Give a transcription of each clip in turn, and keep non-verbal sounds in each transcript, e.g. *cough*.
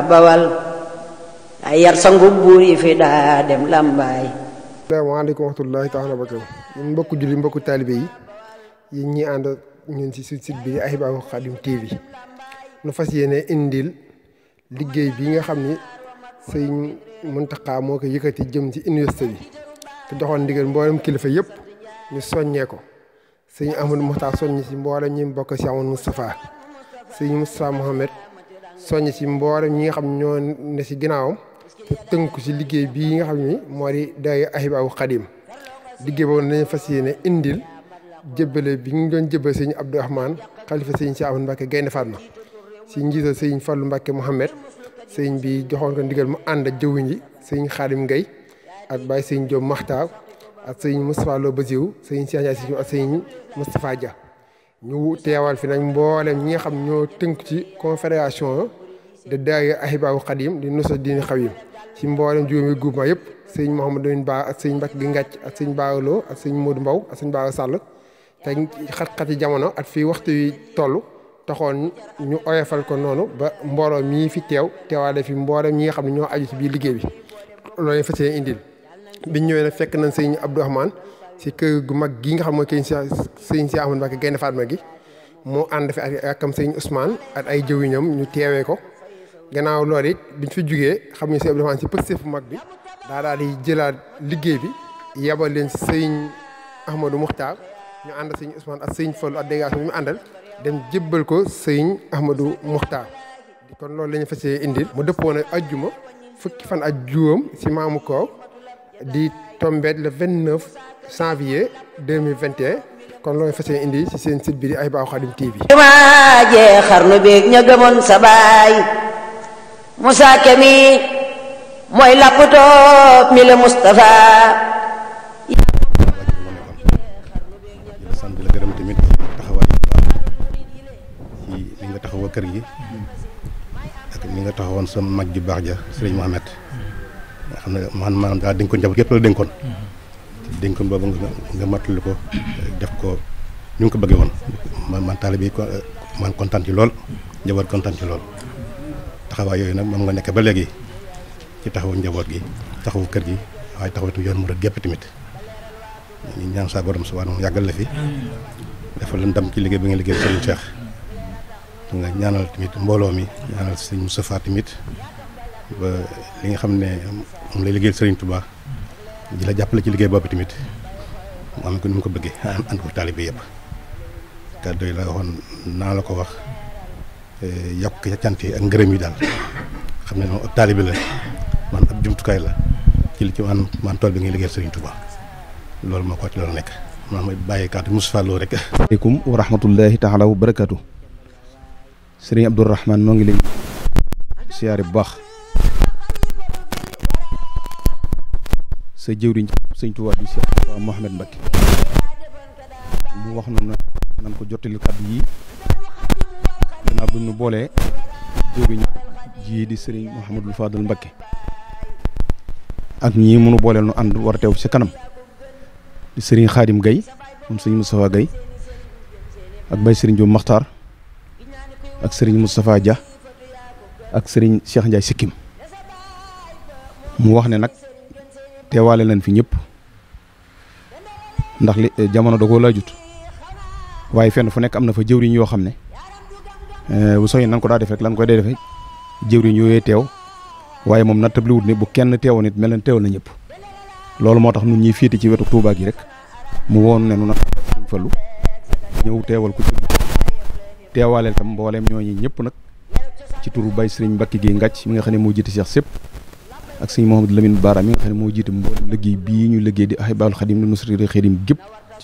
waa bawal ay yar sangu buur yi fi daa dem làmbaay salaamaaleykum wa rahmatullaahi taala barakaatu ñun mbokku julli yi yéen ñi ànd ñun bi Ahibahil fas yéene indil liggéey nga xam ni sëñ Muntaxa moo ko yëkkati jëm ci université bi te doxoon ndigal mboolem kilifa yëpp ñu soññee ko sëñ Amadou Moxtaar soññ si mboolem ñi mbokk si amoon Moustapha sëñ Moustapha Mohamed soññ si mboolem ñi nga xam ñoo ne si ginnaawam tënku si liggéey bii nga xam ni moo di day Ahibahil Khadim liggéey boobu nañu fas yéene indil jébbale bi ñu doon jébbal sëñ Abdou Rahman xalifa sëñ Cheikh Ahmadou Mbacké Gaynde Fatma si njiital sëñ Fallou Mbacké Mouhamed sëñ bi joxoon ko ndigal mu ànd ak jëwriñ ji sëñ Xaadim Ngay ak Baye sëñ Diop Maxtaar ak sëñ Moustapha Lo Basiw sëñ Cheikh Ndiaye si ak sëñ teewal fi nag mboolem ñi nga xam ñoo tënk ci confédération de daaya ahibaabu xadim di nusa diini xawim ci mboolem juróomi groupement yëpp sëñ Mouhamadou Lamine Ba ak sëñ Mbacke gi Ngàcc ak sëñ Baara Lo ak sëñ Modou Mbow sëñ Baara Sall te xat jamono at fii waxtu yi toll taxoon ñu oyofal ko noonu ba mbooloo mii fi teew teewaale fi mboolem ñi nga xam ne ñoo aju ci biir liggéey bi loolu lañ fas ñëwee nag fekk nañ sëñ Abdou Rahman ci kër gu mag gi nga xam mooy sëñ si Ahmad Mbacke Gaynde Fatma gi mu ànd fi ak akam sëñ Ousmane ak ay jëwiñam ñu teewee ko gannaaw loolu it biñ fi jugee xam ne si Abdou Rahmane si pësteefu mag bi daa daal di jëlaat liggéey bi yebal leen sëñ Ahmadou Moukhtar ñu ànd sëñ Ousmane ak sëñ Fallou ak délégation bi mu àndal dem jébbal ko sëñ Ahmadou Moukhtar kon loolu la ñu fas indil mu dëppoon ak ajjuma fukki fan ak juróom si maamu koor di tombé le vingt janvier 2021 kon loolu fas yéene indi ci seen site bi di Ahibahil Khadim TV. xarnu beeg ña gëmoon sa baay Moussa Kemi mooy lappatoo mi la Moustapha. sant la gërëm tamit taxawaay ci li nga taxawoo kër gi ak ni nga taxawoon sa mag ju baax ja Serigne Mohamed nga xam ne man maanaam daal dénkoon njaboot yëpp la dénkoon dénkoon boobu nga nga mattali ko def ko ñu ngi ko bëggee woon man man taalibe bi man kontaan ci lool njaboot kontaan ci lool. waa yooyu nag moom nga nekk ba léegi ci taxawu njaboot gi taxawu kër gi waaye taxawatu yoon murid gépp tamit ñu ñaan saa borom subhaanahu yàggal la fi dafa la ndam ci liggéey bi nga liggéey Serigne Cheikh nga ñaanal tamit mbooloo mi ñaanal Serigne Moustapha tamit li nga xam ne moom lay liggéeyal Serigne Touba di la jàppale ci liggéey boobu tamit mu am ko ni mu ko bëggee ànd ko taalibe yëpp kàddu yi la waxoon naa la ko wax Eh, yokk cant yi ak ngërëm yi daal xam ne moom ab taalibe la man ab jumtukaay la ci li ci man man tool bi ngay liggéeyal Serigne Touba loolu moo ko ci loolu nekk maa may bàyyi kàddu Moustapha Lo rek. asalaamaaleykum wa rahmatullahi taala wa barakaatu. Serigne moo ngi leen siyaare bu baax. sa jëwriñ sëñ Touba bi Cheikh Mohamed Mbacké mu wax noonu nan ko jottali kàddu yi. gannaaw bi nu boolee jëriñ ji di sëriñ Mouhamadul Fadal Mbakke ak ñii mënu booleel nu ànd war a teew ci kanam di sëriñ Xaadim Gay moom sëriñ Moustapha Gay ak bay sëriñ Diop Maxtaar ak sëriñ Moustapha Dia ak sëriñ Cheikh Ndiaye Sikkim mu wax ne nag teewaale leen fi ñëpp ndax li eh, jamono da koo laajut waaye fenn fu nekk am na fa jëwriñ yoo xam ne Eh, bu soññee nan ko daa defee ak lan koy dee defee jëwriñ yooyee teew waaye moom na li wut bu kenn teewoon it mel na na ñëpp loolu moo tax nun ñuy féete ci wetu Touba gi rek mu woon ne nu nag suñ fallu ñëw teewal ko ci teewaaleel tam mbooleem ñooñu ñëpp nag ci turu bay sëriñ Mbacke gi ngàcc mi nga xam ne moo jiite Cheikh sépp ak sëriñ Mouhamadou Lamine Bara mi nga xam ne moo jiite mboolem liggéey bii ñu liggéey di Ahibahil Khadim li nusrati Khadim gépp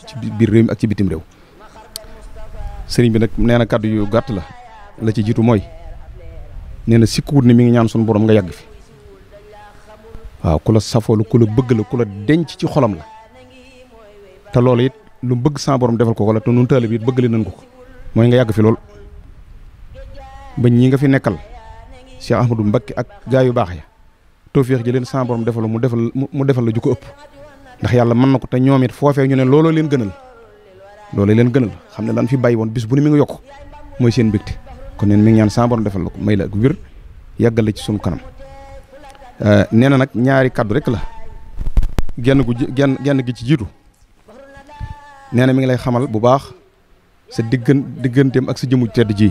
ci biir réew mi ak ci bitim réew sëriñ bi nag nee na kàddu yu gàtt la la ci jiitu mooy nee na sikkuwut ne mi ngi ñaan sunu boroom nga yàgg fi waaw ku la safoo la ku la bëgg la ku la denc ci xolam la te loolu it lu bëgg sa borom defal ko walla la te nun taalib it bëgg nañ ko ko mooy nga yàgg fi lool ba ñi nga fi nekkal Cheikh Ahmadou mbakki ak gaa yu baax ya tawfeex ji leen sa borom defal mu defal mu defal la ju ko ëpp ndax yàlla mën na ko te ñoom it foofee ñu ne looloo leen gënal looloo leen gënal xam ne lan fi bàyyi woon bis bu mi ngi yokk mooy seen mbégte kon neen mi ngi ñaan sa defal la ko may la ak wér yàggal ci sunu kanam euh, nee na nag ñaari kàddu rekk la genn genn gi ci jiitu nee na mi ngi lay xamal bu baax sa diggan digganteem ak sa jëmmu tedd ji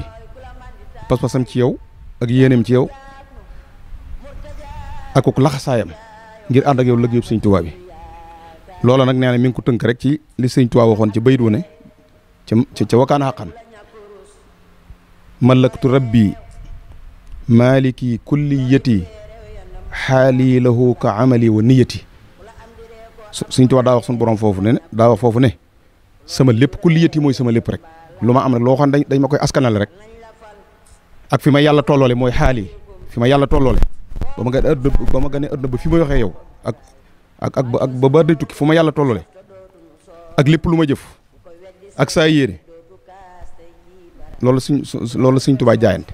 pas-pasam ci yow ak yéeneem ci yow ak ko laxasaayam ngir ànd ak yow lëggéeyu sëñ Tuubaa bi loola nag nee na mi ngi ko tënk rek ci li sëñ Tuubaa waxoon ci bayit wu ne ca ca xaqan malaktu rabbi maaliki kulliyati xaali lahu ka amali wa niyati suñ tubaab daa wax suñu borom foofu ne daa wax foofu ne sama lépp kulliyati mooy sama lépp rek lu ma am rek loo xam dañ ma koy askanale rek ak fi ma yàlla tolloole mooy xaali fi ma yàlla tolloole ba ma ganee a ëdd ba fi ma yoxee yow ak ba ba day tukki fu ma yàlla tolloole ak lépp lu ma jëf ak saa yéene loolu suñ loolu suñ Tuubaa jaayante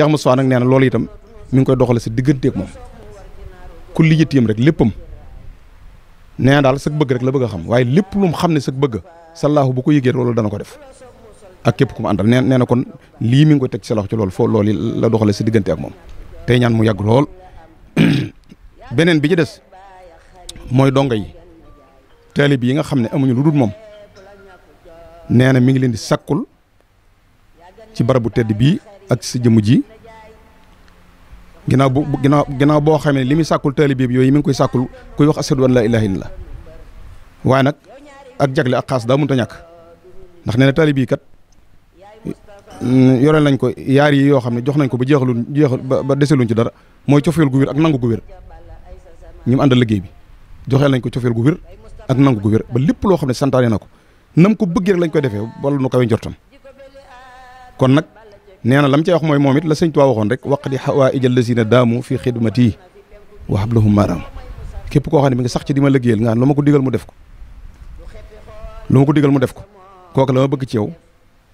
ma Moussa nag nee na loolu itam mu ngi koy doxale sa digganteeg moom ku lijjatiyam rek léppam nee na daal sa bëgg rek la bëgg a xam waaye lépp lu xam ne sag bëgg sallaahu bu ko yëgee loolu dana ko def ak képp ku mu àndal nee nee na kon lii mi ngi ko teg ci sa ci loolu foo loolu la doxale sa diggante ak moom tey ñaan mu yàgg lool *clears throat* beneen bi ci des mooy donga yi taalib yi nga xam ne amuñu lu dul moom neen na mi ngi leen di sakkul ci barabu tedd bii ak sa jëmm ji ginnaaw bu ginnaaw boo xamee li muy sàkkul taalibe bi yooyu mi ngi koy sàkkul kuy wax ashadu an laa ilaaha illallah waaye nag ak jagle ak xaas daa mënut ñàkk ndax nee na taalibe yi kat yore nañ ko yaari yoo xam ne jox nañ ko ba jeexaluñ jeexal ba deseluñ ci dara mooy cofeel gu wér ak nangu gu wér ñu mu àndal liggéey bi joxeel nañ ko cofeel gu wir ak nangu gu wér ba lépp loo xam ne santaane na ko nam ko bëggee lañ koy defee wala nu kawe njortam kon nag nee na lam cay wax mooy moom it la sëñ waxoon rek waq di xawaa ijal lazina daamu fi xidmati wa hablahum maaraam képp koo xam ne mi nga sax ci di ma liggéeyal nga xam lu ma ko digal mu def ko lu ma ko digal mu def ko kooku la ma bëgg ci yow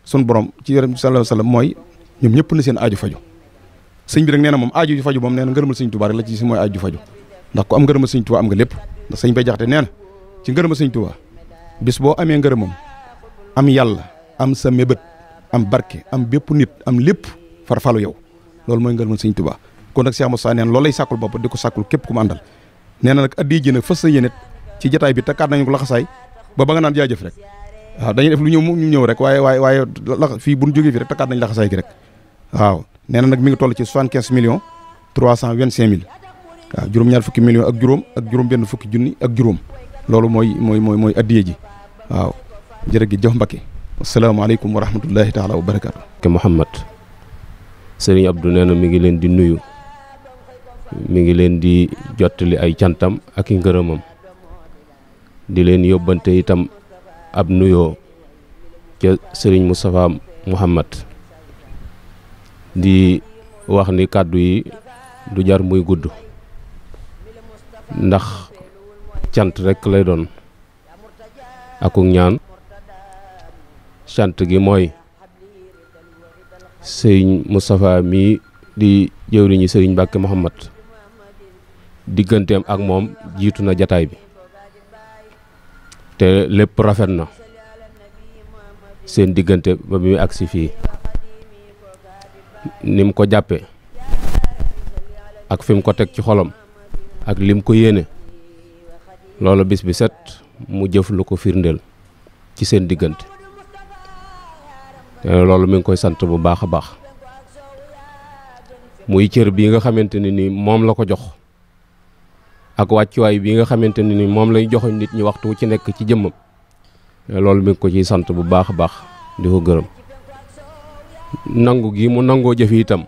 sun borom ci yore sallallahu alayhi mooy ñoom ñëpp na seen aaju faju sëñ bi nag nee moom aaju ju faju moom neena na ngërëmal sëñ Tuubaa rek la ci si mooy aaju ju faju ndax ku am ngërëmal sëñ am nga lépp ndax sëñ bay jaxte nee ci ngërëmal sëñ Tuubaa bis boo amee ngërëmam am yàlla am sa mébét am barke am bépp nit am lépp falu yow loolu mooy ngërëmal sëñ Tuubaa kon nag Cheikh Moussa neen loolu lay sàkkul bopp di ko sàkkul képp ku mu àndal nee na nag addi ji sa fës na yéene ci jataay bi takkaat nañu ko laxasaay ba ba nga naan jaajëf rek waaw dañuy def lu ñëw ñu ñëw rek waaye waaye waaye la fii bu ñu jógee fii rek takkaat nañ laxasaay gi rek waaw nee na nag mi ngi toll ci soixante-quinze million trois cent vingt-cinq mille waaw juróom-ñaar fukki millions ak juróom ak juróom benn fukki junni ak juróom loolu mooy mooy mooy mooy addiye ji waaw jërë gi jox Mbacke asalaamaaleykum wa rahmatullahi taala wa barakaatu. ke Mouhamad sëriñ Abdou nee na mi ngi leen di nuyu mi ngi leen di jottali ay cantam ak i ngërëmam di leen yóbbante itam ab nuyoo ca sëriñ Moustapha Mouhamad di wax ni kàddu yi du jar muy gudd ndax cant rekk lay doon akuk ñaan cant gi mooy sëriñ Moustapha mii di jëwriñu sëriñ Mbàkke Muhammad digganteem ak moom jiitu na jataay bi te lépp rafet na seen diggante ba bi muy agsi fii ni ko jàppe ak fi ko teg ci xolam ak lim ko yéene loolu bis bi set mu jëf lu ko firndeel ci seen diggante Eh, loolu mi ngi koy sant bu baax a baax muy cër bii nga xamante ne nii moom la ko jox ak wàccuwaay bii nga xamante ne ni moom lañ joxoñ nit ñi waxtu ci nekk ci jëmmam eh, loolu mi ko ciy sant bu baax a baax di ko gërëm nangu gi mu nangoo jëf itam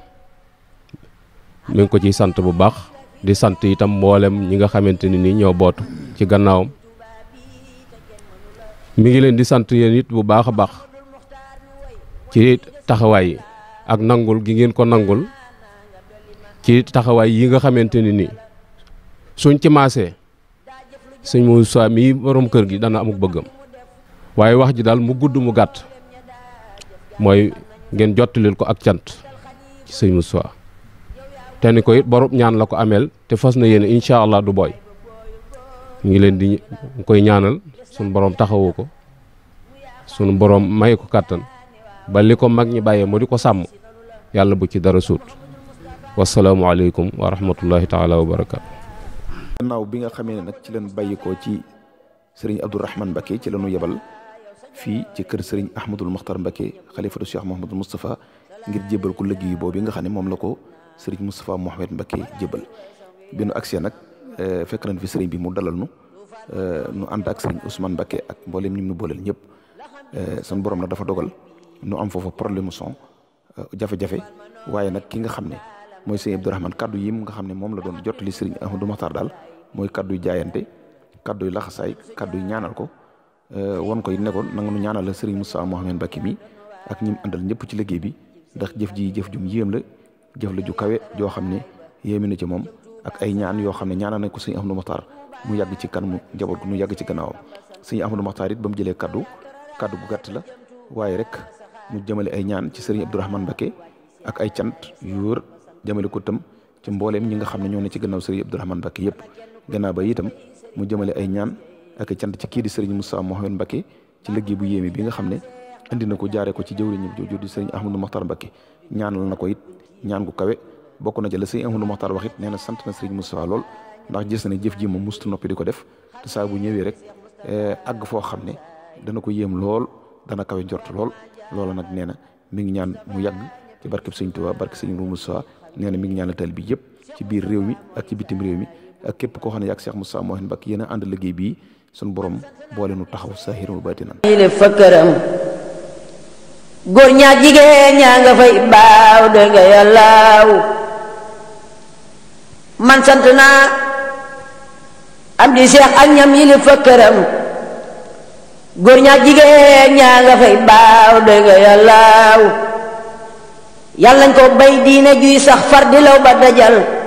mi ngi ko ciy sant bu baax di sant itam mboolem ñi nga xamante ni nii ñoo bootu ci gannaawam mi ngi leen di sant yéen it bu baax a baax. ci taxawaay yi ak nangul gi ngeen ko nangul ci taxawaay yi nga xamante ni nii suñ ci maasee sëñ mu Moussa mii borom kër gi dana amuk bëggam waaye wax ji daal mu gudd mu gàtt mooy ngeen jottalil ko ak cant ci sëñ Moussa te ni ko it borom ñaan la ko ameel te fas na yéene incha allah du booy ñu ngi leen di koy ñaanal sunu borom taxawoo ko sunu borom may ko kàttan ba ko mag ñi bàyyee moo di ko sàmm yàlla bu ci dara suut wasalaamualeykum wa rahmatullahi taala wa barakaatu. gannaaw bi nga xamee ne nag ci leen bàyyikoo ci sëriñ Abdourahman Mbacké ci la lañu yebal fii ci kër sëriñ Ahmadul Makhtar Mbacké xalifatu Cheikh Mouhamadul Moustapha ngir ku ko liggéeyu boobu nga xam ne moom la ko sëriñ Moustapha Mouhamed Mbacké jébal bi nu agsee nag eh, fekk nañ fi sëriñ bi mu dalal nu eh, nu ànd ak sëriñ Ousmane Mbacké ak mboolem ñi mu booleel ñëpp eh, sunu borom nag dafa dogal. nu am foofa problème son euh, jafe-jafe waaye nag ki nga xam ne mooy sëñ Abdourahmane kaddu yi nga xam ne moom la doon jottali sëriñ Ahmadou Makhtar daal mooy kaddu jaayante kaddu laxasaay kaddu ñaanal ko euh, won ko it nekkoon nanga nu ñaanal la sëriñ Moussa Mouhamed Mbacké mi ak ñim àndal ñëpp ci liggéey bi ndax jëf ji jëf jum yéem la jëf la ju kawe joo xam ne yéemi na ci moom ak ay ñaan yoo xam ne ñaanal nañ ko sëñ Ahmadou Makhtar mu yàgg ci kanamu njaboot gu mu yàgg ci gannaawam sëñ Ahmadou Makhtar it ba mu jëlee kaddu kaddu gu gàtt la waaye rek mu jëmale ay ñaan ci sëriñ Abdourahmane Mbacké ak ay cant yu wër jëmale ko tam ci mbooleem ñi nga xam ne ñoo ne ci gannaaw sëriñ Abdourahmane Mbacké yëpp gannaaw ba itam mu jëmale ay ñaan ak ay cant ci kii di sëriñ Moussa Mohamed Mbacké ci liggéey bu yéeme bi nga xam ne indi na ko jaare ko ci jëwriñu jooju di sëriñ Ahmadou Mokhtar Mbacké ñaanal na ko it ñaan gu kawe bokk na ci la sëriñ Ahmadou Mokhtar wax it nee na sant na sëriñ Moussa lool ndax gis na jëf ji ma mustu noppi di ko def te saa bu ñëwee rek eh, àgg foo xam ne dana ko yéem lool dana kawe jort lool loolu nag nee na mi ngi ñaan mu yàgg ci barkeb sëñ Tuubaa barke sëñ Ruumu Musaa nee na mi ngi bi yëpp ci biir réew mi ak ci bitim réew mi ak képp koo xam ne yàgg Cheikh Moussa Mouhine Mbacké yéen a ànd liggéey bii suñu borom boole nu taxaw saahiran wa baatinan le fakkaram góor ñaa jigéen ñaa nga fay baaw dégg yàllaaw yàlla nañ ko bay diine juy sax far di law ba dajal